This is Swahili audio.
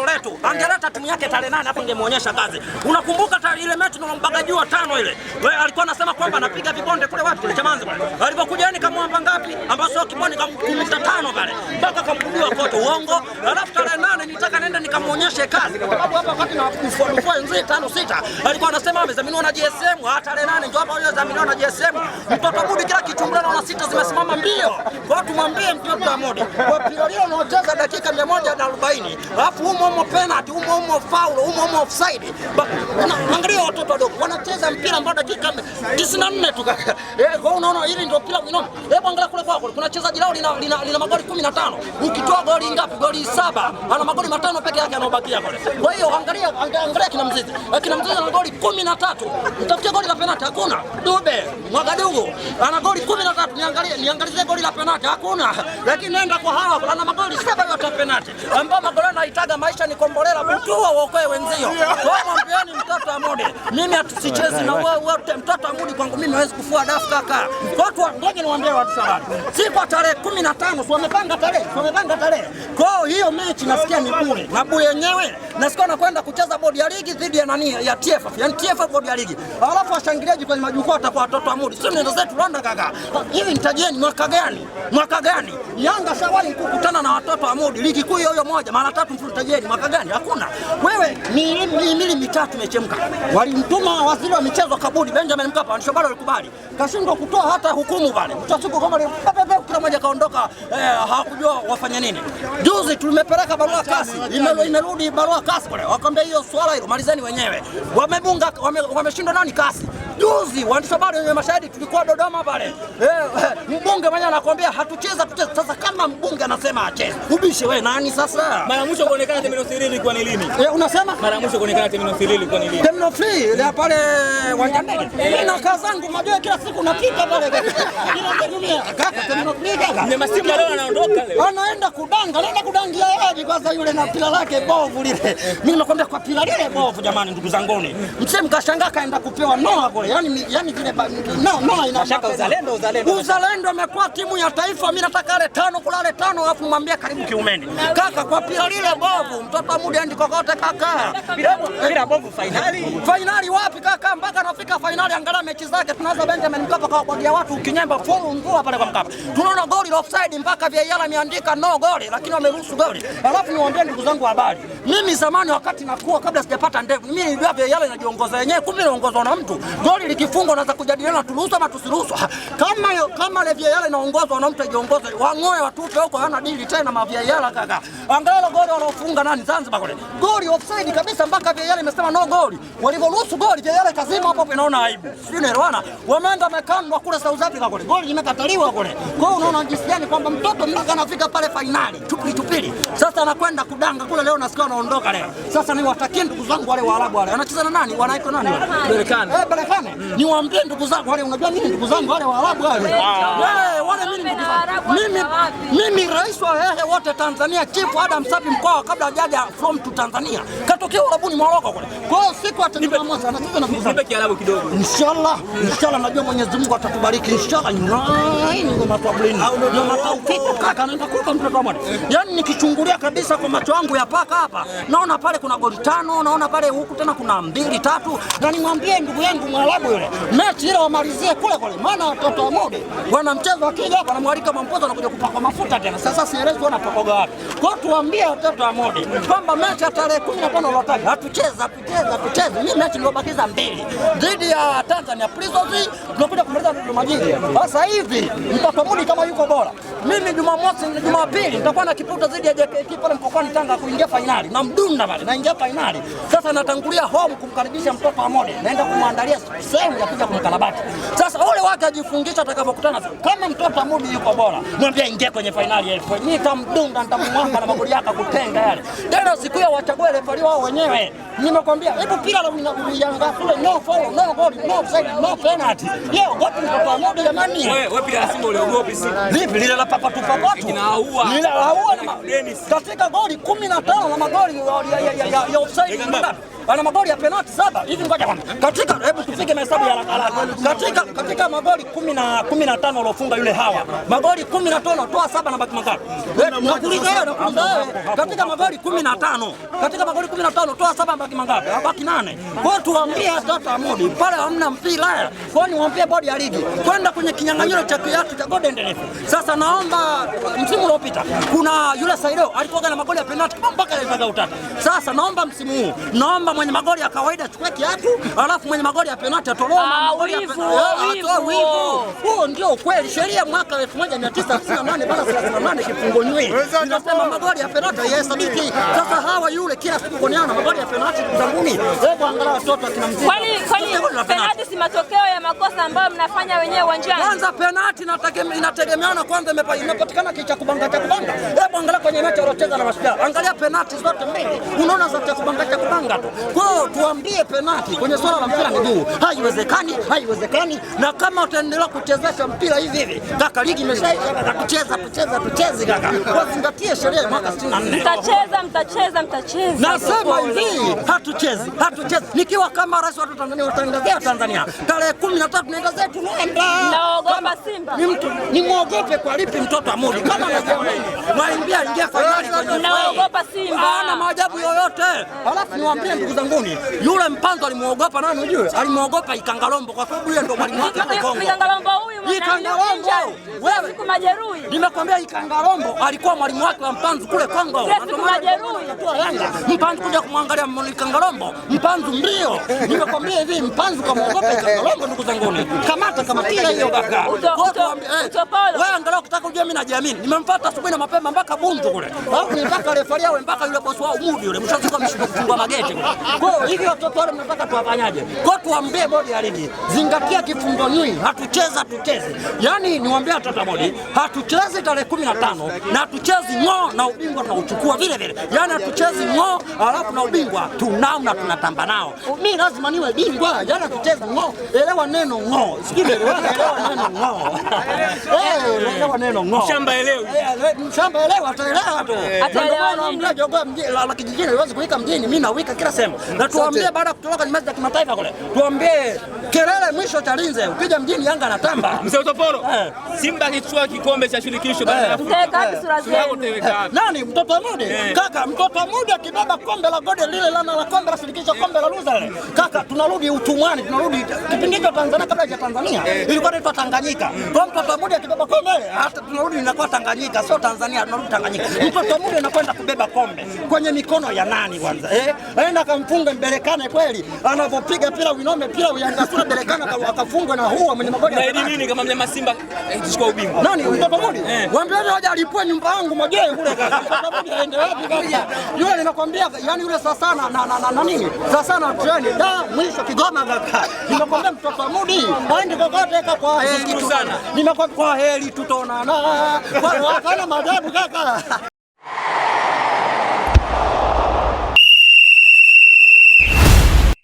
joto letu. Angeleta timu yake tarehe nane hapo ingemuonyesha kazi. Unakumbuka ile mechi tulombagajua jua tano ile. Wewe alikuwa anasema kwamba anapiga vibonde kule wapi kule Chamanzi. Alipokuja yani kamwamba ngapi? Ambao sio kibonde kamkumta tano pale. Mpaka kamkujua kote uongo. Alafu tarehe nane nenda nikamwonyeshe kazi, kwa sababu hapa wakati na kufuatifua nzuri tano sita alikuwa anasema amezaminiwa na GSM, hata ah, leo nane ndio hapa zaminiwa na GSM, mtoto Gudi kila kitu na sita zimesimama mbio. Kwa hiyo tumwambie mtoto wa Modi kwa pilo leo anaocheza dakika 140, alafu umo umo penalty, umo umo foul, umo umo offside. Angalia watoto wadogo wanacheza mpira ambao dakika 94 tu kaka. Eh, kwa unaona hili ndio kila winoma. Hebu angalia kule kwako kuna chezaji lao lina magoli 15, ukitoa goli ngapi? Goli saba, ana magoli matano Mnyama peke yake anaobakia pale. Kwa hiyo angalia, angalia kina Mzizi, eh, kina Mzizi ana goli 13, mtafutie goli la penalti hakuna. Dube Mwagadugu ana goli 13, niangalie, niangalie goli la penalti hakuna. Lakini nenda kwa hawa kuna magoli saba yote ya penalti, ambao magoli anahitaga maisha ni kombolela kutua uokoe wenzio. Kwa hiyo mwambieni mtoto amode, mimi atusichezi na wewe wote, mtoto angudi kwangu mimi hawezi kufua dafu kaka. Watu ngoja niwaambie watu sababu, si kwa tarehe 15 wamepanga tarehe, wamepanga tarehe. Kwa hiyo mechi nasikia ni bure klabu yenyewe, na siko anakwenda kucheza bodi ya ligi dhidi ya nani, ya TFF, yani TFF bodi ya ligi, alafu washangiliaji kwenye majukwaa watakuwa watoto wa mudi. Sio nenda zetu Rwanda gaga hivi nitajieni mwaka gani? Mwaka gani Yanga shawali kukutana na watoto wa mudi ligi kuu hiyo moja mara tatu mfululizo? Nitajieni mwaka gani? Hakuna. Wewe ni mili mitatu imechemka. Walimtuma waziri wa michezo Kabudi Benjamin Mkapa, bado alikubali, kashindwa kutoa hata hukumu pale, mtasuko kama kila mmoja kaondoka, eh, hawakujua wafanye nini. Juzi tumepeleka barua kasi inarudi barua kasi kule, wakwambia hiyo swala hilo malizeni wenyewe. wamebunga wameshindwa wame nani kasi Juzi waandishi habari wenye mashahidi tulikuwa Dodoma pale eh, eh mbunge mwenye anakuambia hatucheza tucheza. Sasa kama mbunge anasema acheze, ubishe wewe nani? Sasa mara mwisho kuonekana Terminal 3 ilikuwa ni lini? Eh, unasema mara mwisho kuonekana Terminal 3 ilikuwa ni lini? Terminal 3 ile eh, pale uwanja ndege. Mimi na kazi zangu majoe kila siku napita pale kaka. Terminal 3 kaka, ni masimu leo anaondoka leo, anaenda kudanga, anaenda kudangia yaji kwanza yule na pila lake bovu lile. Mimi nakwambia kwa pila lile bovu, jamani, ndugu zangu, mseme kashangaa kaenda kupewa noa kule yani, yani vile no, no, mashaka uzalendo, uzalendo, uzalendo amekuwa timu ya taifa. Mimi nataka ale tano kulale tano, alafu mwambie karibu kiumeni kaka, kwa pira lile bovu mtoto muda ndiko kote kaka, pira bovu finali, finali wapi kaka? Mpaka nafika finali, angalia mechi zake tunazo Benjamin Mkapa kwa kwagia watu ukinyemba full ngua pale kwa Mkapa, tunaona goli offside, mpaka VAR ameandika no goli, lakini wameruhusu goli. Alafu niwaambie ndugu zangu habari, mimi zamani wakati nakuwa, kabla sijapata ndevu, mimi ndio VAR inajiongoza yenyewe, kumbe inaongozwa na mtu goli goli likifungwa unaweza kujadiliana turuhusu ama tusiruhusu. Kama yo, kama levia yale inaongozwa na mtu ajiongoze, wang'oe watupe huko, hana dili tena mavia VAR kaka. Angalau goli wanaofunga nani Zanzibar kule. Goli offside kabisa mpaka vya yale imesema no goli. Walivyoruhusu goli vya yale kazima hapo hapo inaona aibu. Sio inaelewana. Wameenda wamekandwa kule South Africa kule. Goli limekataliwa kule. Kwa hiyo unaona jinsi gani kwamba mtoto mdogo anafika pale finali. Tupili tupili. Sasa anakwenda kudanga kule leo nasikia anaondoka leo. Sasa niwatakie ndugu zangu wale Waarabu wale. Anacheza na nani? Wanaiko nani? Berekani. Eh, Berekani niwaambie ndugu zangu wale, unajua nini ndugu zangu wale Waarabu wale wale mimi mimi mimi rais wa hehe wote Tanzania Chief Adam Sapi mkoa kabla hajaja from to Tanzania katokea Arabuni Morocco kule. Kwa hiyo siku atanipamasa anacheza na na mimi. Nipe Kiarabu kidogo. Inshallah, inshallah najua Mwenyezi Mungu atatubariki inshallah. Ndio matwablini. Ndio mataufiko kaka naenda kuka mtu kama. Yaani nikichungulia kabisa kwa macho yangu ya paka hapa, naona pale kuna goli tano, naona pale huku tena kuna mbili tatu, na nimwambie ndugu yangu Mwarabu yule. Mechi ile wamalizie kule kule. Maana watoto wa Mode wana mchezo wa akija hapa anamwalika Mampozo anakuja kupakwa mafuta tena. Sasa sielezi anapakoga wapi. Kwa hiyo tuambie watoto wa Modi kwamba mechi ya tarehe 15 uliyotaja hatucheza, hatucheza, hatucheza. Mimi mechi niliyobakiza mbili dhidi ya Tanzania Prisons tunakuja kumaliza ndio majiji. Sasa hivi mtoto Mudi kama yuko bora, mimi Jumamosi na Jumapili nitakuwa na kiputa dhidi ya JKT e pale mkokwani Tanga kuingia fainali na mdunda pale naingia fainali. Sasa natangulia home kumkaribisha mtoto wa Modi, naenda kumwandalia sehemu ya kuja kumkarabati. Sasa ole wake ajifungisha atakapokutana kama mtoto Dr. Mudi yuko bora, mwambie ingie kwenye fainali elfu. Mimi tamdunga nitamwanga na magoli yake kutenga yale. Tena siku ya wachague refari wao wenyewe. Eh. Nimekwambia hebu pila la unakulianga kule, no foul, no goal, no offside, no penalty. Leo wapi Dr. Mudi jamani? Wewe wewe pila Simba uliogopi si Vipi lile la papa tu papa tu? Linaua. Linaua na katika goli 15 na magoli ya ya ya offside ana magoli ya penalti saba hivi. Ngoja bwana, katika hebu tufike na hesabu ya haraka haraka, katika katika magoli 10 na 15 aliofunga yule hawa, magoli 15 toa saba na baki mangapi? Eh, nakuuliza wewe, nakuuliza wewe, katika magoli 15 katika magoli 15 toa saba na baki mangapi? Baki nane. Kwa hiyo tuambie hata Amudi pale hamna mpira, kwa hiyo niwaambie bodi ya ligi kwenda kwenye kinyang'anyiro cha kiatu cha golden endelevu. Sasa naomba msimu uliopita kuna yule Saido alikuwa na magoli ya penalti mpaka alifaga utata. Sasa naomba msimu huu naomba mwenye magoli ya kawaida achukue kiatu, alafu mwenye magoli ya penalti atoroa. Ah, ah, Huo ndio ukweli. Sheria mwaka 1998 bana 38 kifungo nywi inasema magoli ya penalti hayahesabiki. Sasa hawa yule kila siku kuniana magoli ya penalti kuzanguni, Hebu angalau watoto akina mzee. Kwani kwani penalti si matokeo ya makosa ambayo mnafanya wenyewe uwanjani? Kwanza penalti inategemeana, kwanza imepatikana kicha kubanga cha kubanga. Hebu angalia kwenye mechi waliocheza na Mashujaa, angalia penalti zote mbili, unaona za cha kubanga cha kubanga tu. Kwao tuambie, penati kwenye swala la mpira miguu haiwezekani, haiwezekani. Na kama utaendelea kuchezesha mpira hivi hivi, kaka, ligi imeshaisha kaka, tucheza tucheza tucheze kaka, zingatie sheria ya mwaka 64. Mtacheza, mtacheza, mtacheza. Nasema hivi, hatuchezi, hatuchezi. Nikiwa kama rais wa Tanzania, utaendelea Tanzania tarehe 13 zetu tunaenda. Naogopa Simba ni mtu ni muogope kwa lipi mtoto amudi kama anajiamini, anawaimbia ingia fainali. Naogopa Simba, hana maajabu yoyote. Alafu niwaambie ndugu zanguni, yule mpanzo alimwogopa nani? Unajua alimwogopa Ikangalombo kwa sababu yeye ndo mwalimu wake kwa Kongo. Ikangalombo huyu Ikangalombo wewe, siku majeruhi, nimekwambia Ikangalombo alikuwa mwalimu wake wa mpanzo kule Kongo, Siku majeruhi kwa Yanga. Mpanzo kuja kumwangalia Ikangalombo, mpanzo mbio. Nimekwambia hivi, mpanzo kamwogopa Ikangalombo. Ndugu zanguni, kamata kamatia hiyo baka, eh, wewe angalau ukitaka ujue mimi najiamini. Nimemfuata asubuhi na mapema mpaka Bunju kule, alafu nitaka refaria wewe mpaka yule bosi wao mudi yule mshazi kwa mshikwa mageti kule kwa hiyo hivi watoto wale mnataka tuwafanyaje? Kwa tuambie bodi ya ligi, zingatia kifungo nywi, hatucheza tucheze. Yaani niwaambie tata bodi, hatuchezi tarehe 15 na hatuchezi ng'o na ubingwa tunauchukua vile vile. Yaani hatuchezi ng'o alafu na ubingwa tunao na tunatamba nao. Mimi lazima niwe bingwa, yaani hatuchezi ng'o. Elewa neno ng'oo. Sikile elewa neno ng'o. Eh, elewa neno ng'o. Mshamba elewi. Eh, mshamba elewa, ataelewa tu. Eh. Ataelewa. Ndio maana mlaji la kijijini huwezi kuika mjini, mimi nawika kila sehemu. Majengo, na tuambie, baada ya kutoka kwenye mechi za kimataifa kule, tuambie kelele mwisho Chalinze, ukija mjini Yanga na tamba mzee Utoporo eh. Simba kichukua kikombe cha shirikisho bara la Afrika. Nani mtoto mudi eh. Kaka mtoto mudi akibeba kombe la gode lile lana la kombe la shirikisho kombe la loser kaka tunarudi utumwani, tunarudi kipindi cha Tanzania kabla ya Tanzania eh. ilikuwa inaitwa Tanganyika. Kwa mtoto mudi akibeba kombe hata tunarudi inakuwa Tanganyika, sio Tanzania, tunarudi Tanganyika. Mtoto mudi anakwenda kubeba kombe kwenye mikono ya nani kwanza eh? Aenda mfunge mbelekane kweli, anavyopiga pila winome pila uyangasura belekana akafungwa na huwa mwenye magoli. Na hili nini kama mnyama Simba ikichukua ubingwa? Nani mtoto mmoja? Waambieni hoja alipwe nyumba yangu mwaje kule. Sababu aende wapi kaka? Yule ninakwambia yani yule sasa sana na na na nini? Sasa sana treni da mwisho Kigoma kaka. Ninakwambia mtoto mudi aende kokote kaka kwa heri tu sana. Ninakwambia kwa heri tutaonana. Kwa wakana madhabu kaka.